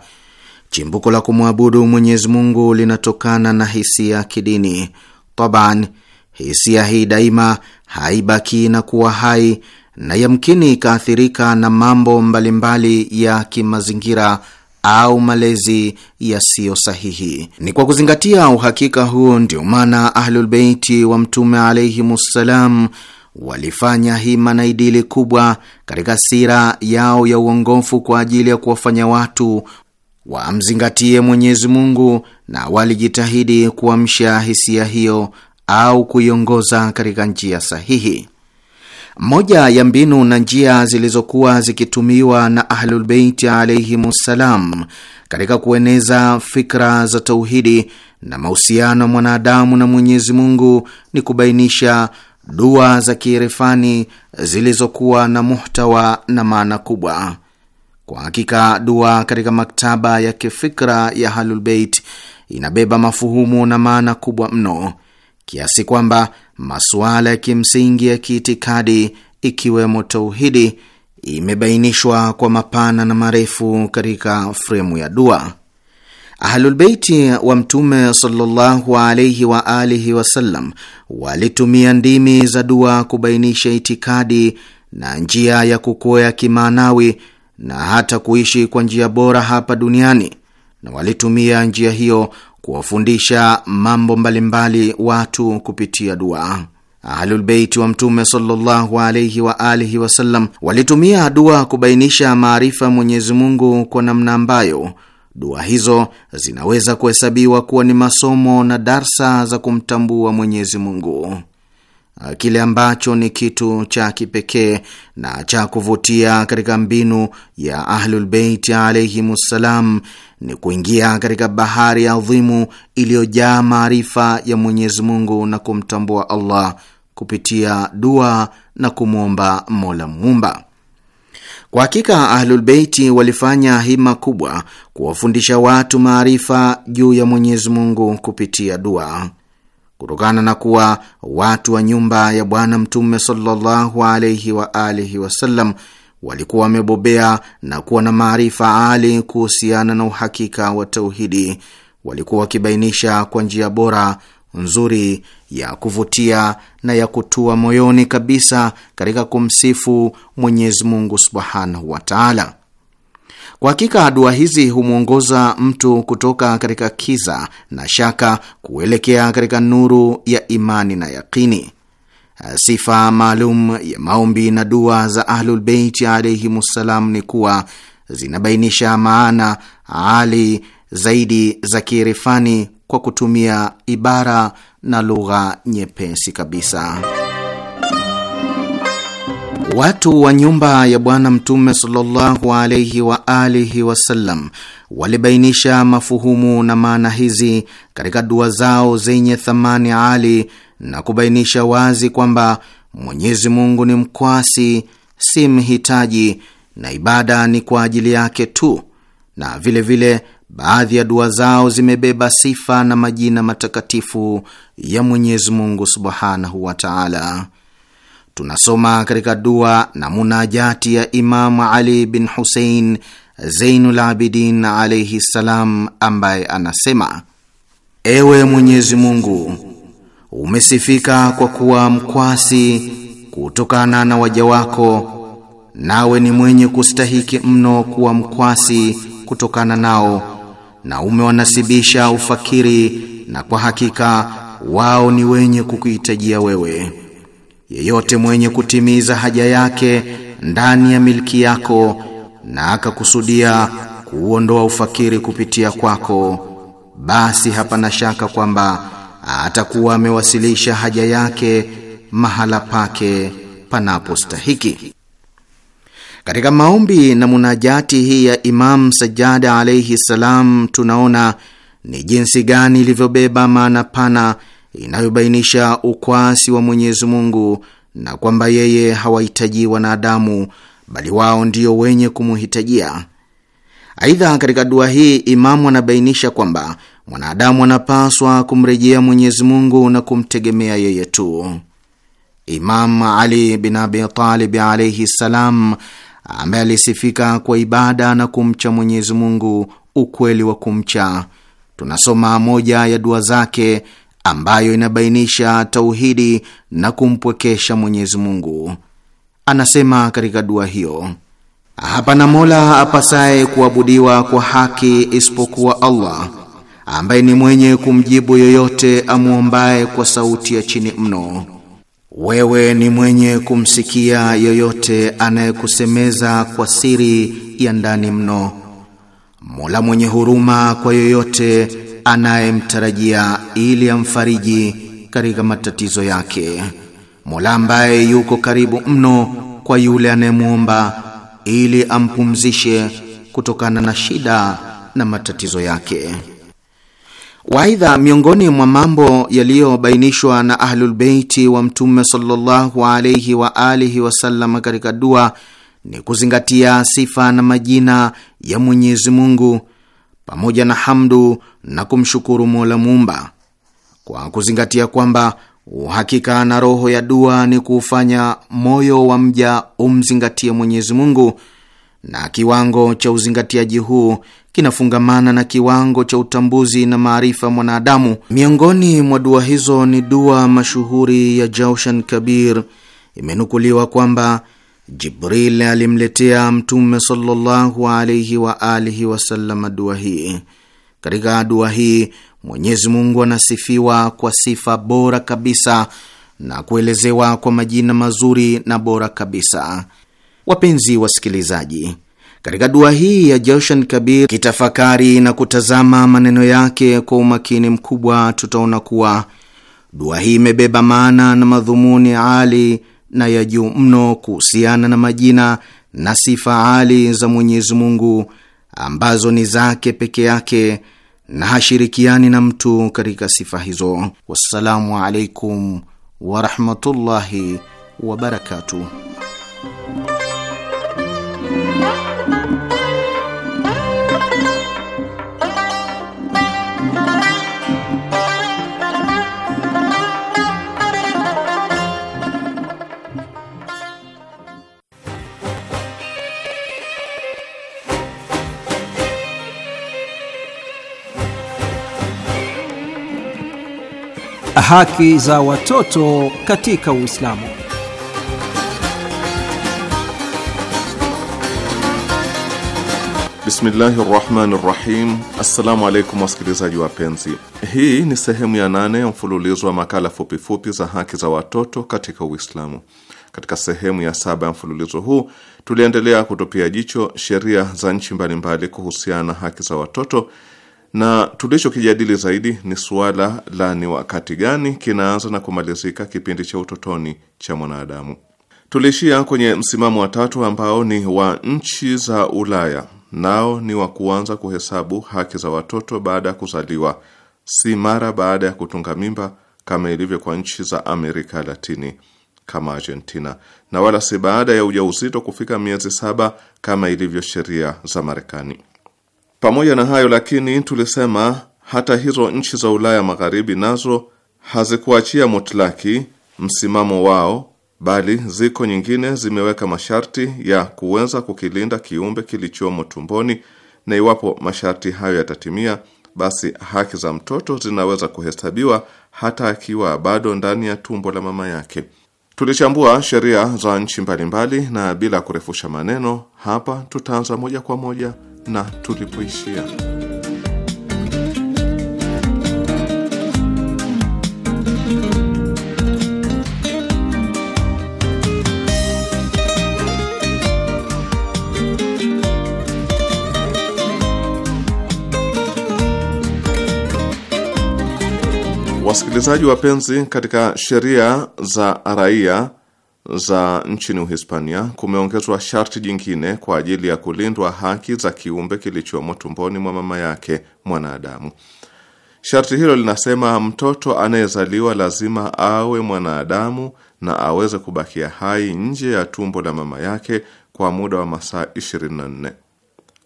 chimbuko la kumwabudu Mwenyezi Mungu linatokana na hisia kidini. Taban, hisia hii daima haibaki na kuwa hai na yamkini ikaathirika na mambo mbalimbali ya kimazingira au malezi yasiyo sahihi. Ni kwa kuzingatia uhakika huo ndio maana Ahlulbeiti wa Mtume alaihimussalam walifanya hima na idili kubwa katika sira yao ya uongofu kwa ajili ya kuwafanya watu wamzingatie Mwenyezi Mungu, na walijitahidi kuamsha hisia hiyo au kuiongoza katika njia sahihi. Moja ya mbinu na njia zilizokuwa zikitumiwa na Ahlulbeiti alaihimussalam katika kueneza fikra za tauhidi na mahusiano ya mwanadamu na Mwenyezi Mungu ni kubainisha dua za kiirefani zilizokuwa na muhtawa na maana kubwa. Kwa hakika dua katika maktaba ya kifikra ya Halulbeit inabeba mafuhumu na maana kubwa mno kiasi kwamba masuala ya kimsingi ya kiitikadi ikiwemo tauhidi imebainishwa kwa mapana na marefu katika fremu ya dua. Ahlulbeiti wa Mtume sallallahu alaihi wa alihi wasallam walitumia ndimi za dua kubainisha itikadi na njia ya kukoya kimaanawi na hata kuishi kwa njia bora hapa duniani, na walitumia njia hiyo kuwafundisha mambo mbalimbali watu kupitia dua. Ahlulbeiti wa Mtume sallallahu alaihi wa alihi wasallam walitumia dua kubainisha maarifa Mwenyezi Mungu kwa namna ambayo Dua hizo zinaweza kuhesabiwa kuwa ni masomo na darsa za kumtambua Mwenyezi Mungu. Kile ambacho ni kitu cha kipekee na cha kuvutia katika mbinu ya Ahlulbeiti alaihimussalam ni kuingia katika bahari adhimu iliyojaa maarifa ya Mwenyezi Mungu na kumtambua Allah kupitia dua na kumwomba Mola Muumba. Kwa hakika Ahlulbeiti walifanya hima kubwa kuwafundisha watu maarifa juu ya Mwenyezi Mungu kupitia dua. Kutokana na kuwa watu wa nyumba ya Bwana Mtume sallallahu alaihi wa alihi wasallam walikuwa wamebobea na kuwa na maarifa ali kuhusiana na uhakika wa tauhidi, walikuwa wakibainisha kwa njia bora nzuri ya kuvutia na ya kutua moyoni kabisa katika kumsifu Mwenyezi Mungu subhanahu wa taala. Kwa hakika dua hizi humwongoza mtu kutoka katika kiza na shaka kuelekea katika nuru ya imani na yaqini. Sifa maalum ya maombi na dua za Ahlulbeiti ssalam ni kuwa zinabainisha maana ali zaidi za kiirifani kwa kutumia ibara na lugha nyepesi kabisa. Watu wa nyumba ya Bwana Mtume sallallahu alaihi wa alihi wasallam walibainisha mafuhumu na maana hizi katika dua zao zenye thamani ali na kubainisha wazi kwamba Mwenyezi Mungu ni mkwasi, si mhitaji, na ibada ni kwa ajili yake tu, na vilevile vile, Baadhi ya dua zao zimebeba sifa na majina matakatifu ya Mwenyezi Mungu subhanahu wa taala. Tunasoma katika dua na munajati ya Imamu Ali bin Husein Zeinul Abidin alaihi ssalam, ambaye anasema: ewe Mwenyezi Mungu, umesifika kwa kuwa mkwasi kutokana na waja wako, nawe ni mwenye kustahiki mno kuwa mkwasi kutokana nao na umewanasibisha ufakiri na kwa hakika wao ni wenye kukuhitajia wewe. Yeyote mwenye kutimiza haja yake ndani ya milki yako na akakusudia kuondoa ufakiri kupitia kwako, basi hapana shaka kwamba atakuwa amewasilisha haja yake mahala pake panapostahiki. Katika maombi na munajati hii ya Imam Sajada alaihi salam tunaona ni jinsi gani ilivyobeba maana pana inayobainisha ukwasi wa Mwenyezi Mungu na kwamba yeye hawahitaji wanadamu bali wao ndio wenye kumuhitajia. Aidha, katika dua hii Imamu anabainisha kwamba mwanadamu anapaswa kumrejea Mwenyezi Mungu na kumtegemea yeye tu. Imam Ali bin Abi Talib alaihi salam ambaye alisifika kwa ibada na kumcha Mwenyezi Mungu ukweli wa kumcha. Tunasoma moja ya dua zake ambayo inabainisha tauhidi na kumpwekesha Mwenyezi Mungu. Anasema katika dua hiyo, hapana mola apasaye kuabudiwa kwa haki isipokuwa Allah ambaye ni mwenye kumjibu yoyote amwombaye kwa sauti ya chini mno. Wewe ni mwenye kumsikia yoyote yeyote anayekusemeza kwa siri ya ndani mno. Mola mwenye huruma kwa yoyote anayemtarajia ili amfariji katika matatizo yake. Mola ambaye yuko karibu mno kwa yule anayemwomba ili ampumzishe kutokana na shida na matatizo yake. Waidha, miongoni mwa mambo yaliyobainishwa na Ahlulbeiti wa Mtume sallallahu alaihi wa alihi wasallam katika dua ni kuzingatia sifa na majina ya Mwenyezi Mungu pamoja na hamdu na kumshukuru Mola Muumba, kwa kuzingatia kwamba uhakika na roho ya dua ni kuufanya moyo wa mja umzingatie Mwenyezi Mungu na kiwango cha uzingatiaji huu kinafungamana na kiwango cha utambuzi na maarifa mwanadamu. Miongoni mwa dua hizo ni dua mashuhuri ya Jaushan Kabir. Imenukuliwa kwamba Jibril alimletea Mtume sallallahu alaihi wa alihi wasallam dua hii. Katika dua hii Mwenyezi Mungu anasifiwa kwa sifa bora kabisa na kuelezewa kwa majina mazuri na bora kabisa. Wapenzi wasikilizaji, katika dua hii ya Joshan Kabir, kitafakari na kutazama maneno yake kwa umakini mkubwa, tutaona kuwa dua hii imebeba maana na madhumuni ali na ya juu mno kuhusiana na majina na sifa ali za Mwenyezi Mungu ambazo ni zake peke yake na hashirikiani na mtu katika sifa hizo. Wassalamu alaikum warahmatullahi wabarakatuh. Haki za watoto katika Uislamu. Bismillahi rahmani rahim. Assalamu alaikum wasikilizaji wapenzi, hii ni sehemu ya nane ya mfululizo wa makala fupifupi za haki za watoto katika Uislamu. Katika sehemu ya saba ya mfululizo huu tuliendelea kutupia jicho sheria za nchi mbalimbali kuhusiana na haki za watoto na tulichokijadili zaidi ni suala la ni wakati gani kinaanza na kumalizika kipindi cha utotoni cha mwanadamu. Tuliishia kwenye msimamo wa tatu ambao ni wa nchi za Ulaya, nao ni wa kuanza kuhesabu haki za watoto baada ya kuzaliwa, si mara baada ya kutunga mimba kama ilivyo kwa nchi za Amerika Latini kama Argentina, na wala si baada ya ujauzito kufika miezi saba kama ilivyo sheria za Marekani. Pamoja na hayo lakini, tulisema hata hizo nchi za Ulaya Magharibi nazo hazikuachia mutlaki msimamo wao, bali ziko nyingine zimeweka masharti ya kuweza kukilinda kiumbe kilichomo tumboni, na iwapo masharti hayo yatatimia, basi haki za mtoto zinaweza kuhesabiwa hata akiwa bado ndani ya tumbo la mama yake. Tulichambua sheria za nchi mbalimbali, na bila kurefusha maneno hapa, tutaanza moja kwa moja na tulipoishia. Wasikilizaji wapenzi, katika sheria za raia za nchini Uhispania kumeongezwa sharti jingine kwa ajili ya kulindwa haki za kiumbe kilichomo tumboni mwa mama yake mwanadamu. Sharti hilo linasema mtoto anayezaliwa lazima awe mwanadamu na aweze kubakia hai nje ya tumbo la mama yake kwa muda wa masaa 24.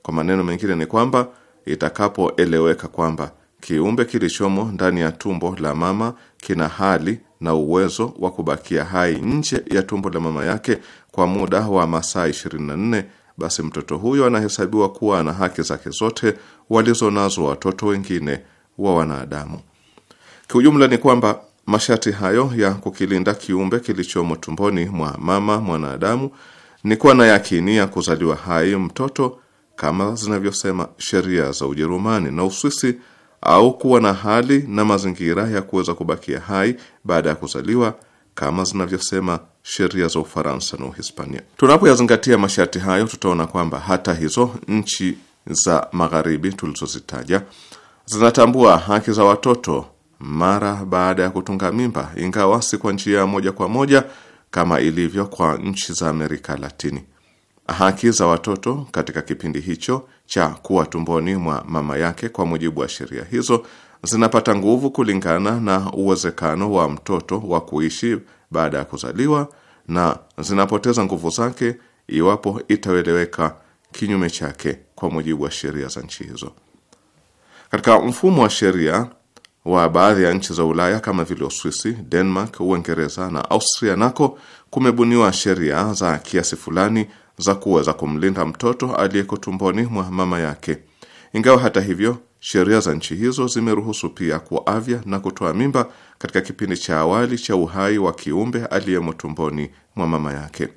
Kwa maneno mengine ni kwamba itakapoeleweka kwamba kiumbe kilichomo ndani ya tumbo la mama kina hali na uwezo wa kubakia hai nje ya tumbo la mama yake kwa muda wa masaa 24, basi mtoto huyo anahesabiwa kuwa ana haki zake zote nazo watoto wengine wa wanadamu. Kiujumla ni kwamba masharti hayo ya kukilinda kiumbe kilichomo tumboni mwa mama mwanadamu ni kuwa na yakini ya kuzaliwa hai mtoto kama zinavyosema sheria za Ujerumani na Uswisi au kuwa na hali na mazingira ya kuweza kubakia hai baada ya kuzaliwa kama zinavyosema sheria za Ufaransa na Uhispania. Tunapoyazingatia masharti hayo, tutaona kwamba hata hizo nchi za magharibi tulizozitaja zinatambua haki za watoto mara baada ya kutunga mimba, ingawa si kwa njia moja kwa moja kama ilivyo kwa nchi za Amerika Latini haki za watoto katika kipindi hicho cha kuwa tumboni mwa mama yake kwa mujibu wa sheria hizo zinapata nguvu kulingana na uwezekano wa mtoto wa kuishi baada ya kuzaliwa na zinapoteza nguvu zake iwapo itaeleweka kinyume chake kwa mujibu wa sheria za nchi hizo. Katika mfumo wa sheria wa baadhi ya nchi za Ulaya kama vile Uswisi, Denmark, Uingereza na Austria nako kumebuniwa sheria za kiasi fulani za kuweza kumlinda mtoto aliyeko tumboni mwa mama yake. Ingawa hata hivyo, sheria za nchi hizo zimeruhusu pia kuavya na kutoa mimba katika kipindi cha awali cha uhai wa kiumbe aliyemo tumboni mwa mama yake.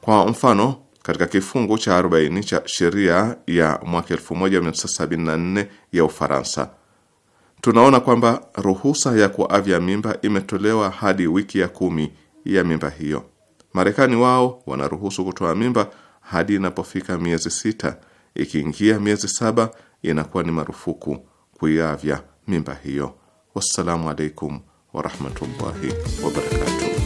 Kwa mfano, katika kifungu cha 40 cha sheria ya mwaka 1974 ya Ufaransa tunaona kwamba ruhusa ya kuavya mimba imetolewa hadi wiki ya kumi ya mimba hiyo. Marekani wao wanaruhusu kutoa mimba hadi inapofika miezi sita. Ikiingia miezi saba inakuwa ni marufuku kuiavya mimba hiyo. Wassalamu alaikum warahmatullahi wabarakatuh.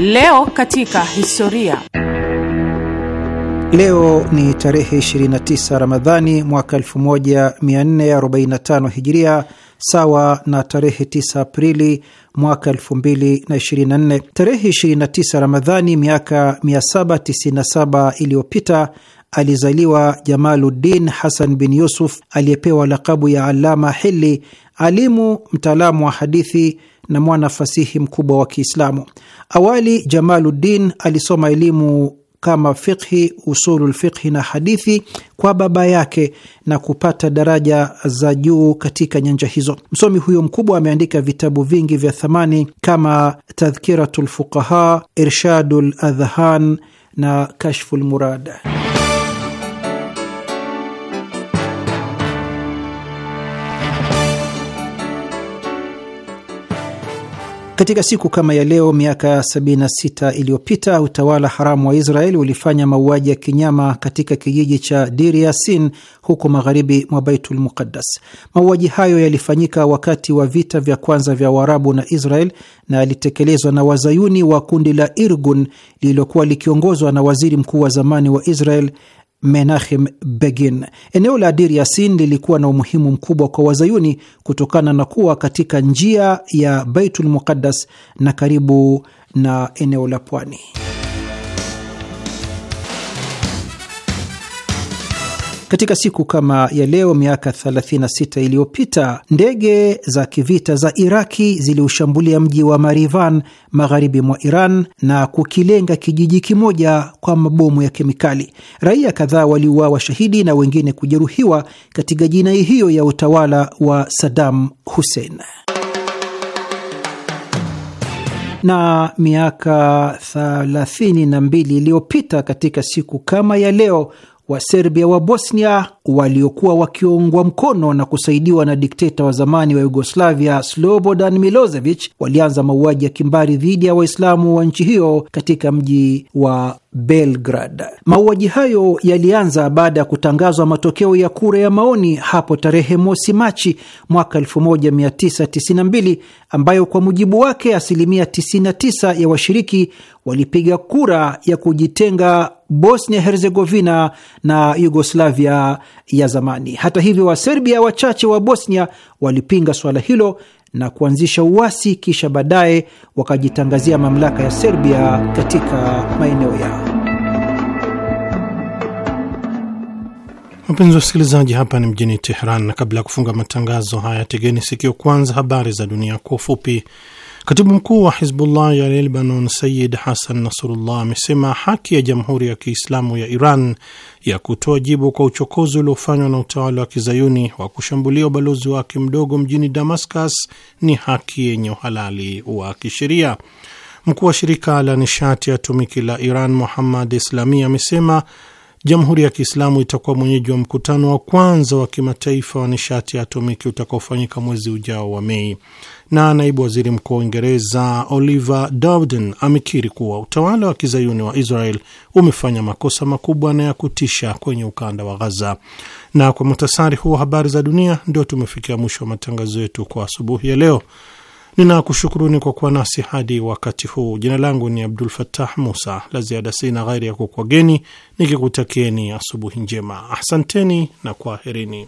Leo katika historia. Leo ni tarehe 29 Ramadhani mwaka 1445 Hijiria, sawa na tarehe 9 Aprili mwaka 2024. Tarehe 29 Ramadhani miaka 797 iliyopita alizaliwa Jamaluddin Hasan bin Yusuf aliyepewa lakabu ya Alama Hili, alimu mtaalamu wa hadithi na mwana fasihi mkubwa wa Kiislamu. Awali Jamaluddin alisoma elimu kama fiqhi, usulul fiqhi na hadithi kwa baba yake na kupata daraja za juu katika nyanja hizo. Msomi huyo mkubwa ameandika vitabu vingi vya thamani kama Tadhkiratu lfuqaha, Irshadu ladhhan na Kashfu lmurad. Katika siku kama ya leo miaka 76 iliyopita utawala haramu wa israel ulifanya mauaji ya kinyama katika kijiji cha Dir Yasin huko magharibi mwa Baitul Muqaddas. Mauaji hayo yalifanyika wakati wa vita vya kwanza vya Waarabu na Israel na yalitekelezwa na wazayuni wa kundi la Irgun lililokuwa likiongozwa na waziri mkuu wa zamani wa Israel Menachem Begin. Eneo la Dir Yasin lilikuwa na umuhimu mkubwa kwa Wazayuni kutokana na kuwa katika njia ya Baitul Muqaddas na karibu na eneo la pwani. Katika siku kama ya leo miaka 36 iliyopita ndege za kivita za Iraki ziliushambulia mji wa Marivan magharibi mwa Iran na kukilenga kijiji kimoja kwa mabomu ya kemikali. Raia kadhaa waliuawa shahidi na wengine kujeruhiwa katika jinai hiyo ya utawala wa Saddam Hussein na miaka 32 iliyopita katika siku kama ya leo Waserbia wa Bosnia waliokuwa wakiungwa mkono na kusaidiwa na dikteta wa zamani wa Yugoslavia Slobodan Milosevic walianza mauaji ya kimbari dhidi ya Waislamu wa nchi hiyo katika mji wa Belgrad. Mauaji hayo yalianza baada ya kutangazwa matokeo ya kura ya maoni hapo tarehe mosi Machi mwaka 1992 ambayo kwa mujibu wake asilimia 99 ya washiriki walipiga kura ya kujitenga Bosnia Herzegovina na Yugoslavia ya zamani. Hata hivyo, Waserbia wachache wa Bosnia walipinga suala hilo na kuanzisha uasi, kisha baadaye wakajitangazia mamlaka ya Serbia katika maeneo yao. Wapenzi wasikilizaji, hapa ni mjini Teheran, na kabla ya kufunga matangazo haya, tegeni sikio kwanza habari za dunia kwa ufupi. Katibu mkuu wa Hizbullah ya Lebanon Sayid Hasan Nasrullah amesema haki ya Jamhuri ya Kiislamu ya Iran ya kutoa jibu kwa uchokozi uliofanywa na utawala wa kizayuni wa kushambulia ubalozi wake mdogo mjini Damascus ni haki yenye uhalali wa kisheria. Mkuu wa shirika la nishati ya atomiki la Iran Muhammad Islami amesema Jamhuri ya Kiislamu itakuwa mwenyeji wa mkutano wa kwanza wa kimataifa wa nishati ya atomiki utakaofanyika mwezi ujao wa Mei na naibu waziri mkuu wa Uingereza Oliver Dowden amekiri kuwa utawala wa kizayuni wa Israel umefanya makosa makubwa na ya kutisha kwenye ukanda wa Ghaza. Na kwa muhtasari huo habari za dunia, ndio tumefikia mwisho wa matangazo yetu kwa asubuhi ya leo. Ninakushukuruni kwa kuwa nasi hadi wakati huu. Jina langu ni Abdul fatah Musa. La ziada sina ghairi ya kukwageni nikikutakieni asubuhi njema. Asanteni na kwaherini.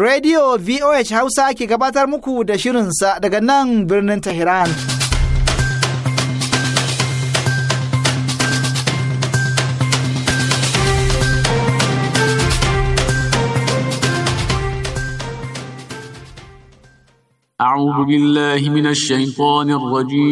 radio VOH hausa ke gabatar muku da shirinsa daga nan birnin tehran. أعوذ بالله من الشيطان الرجيم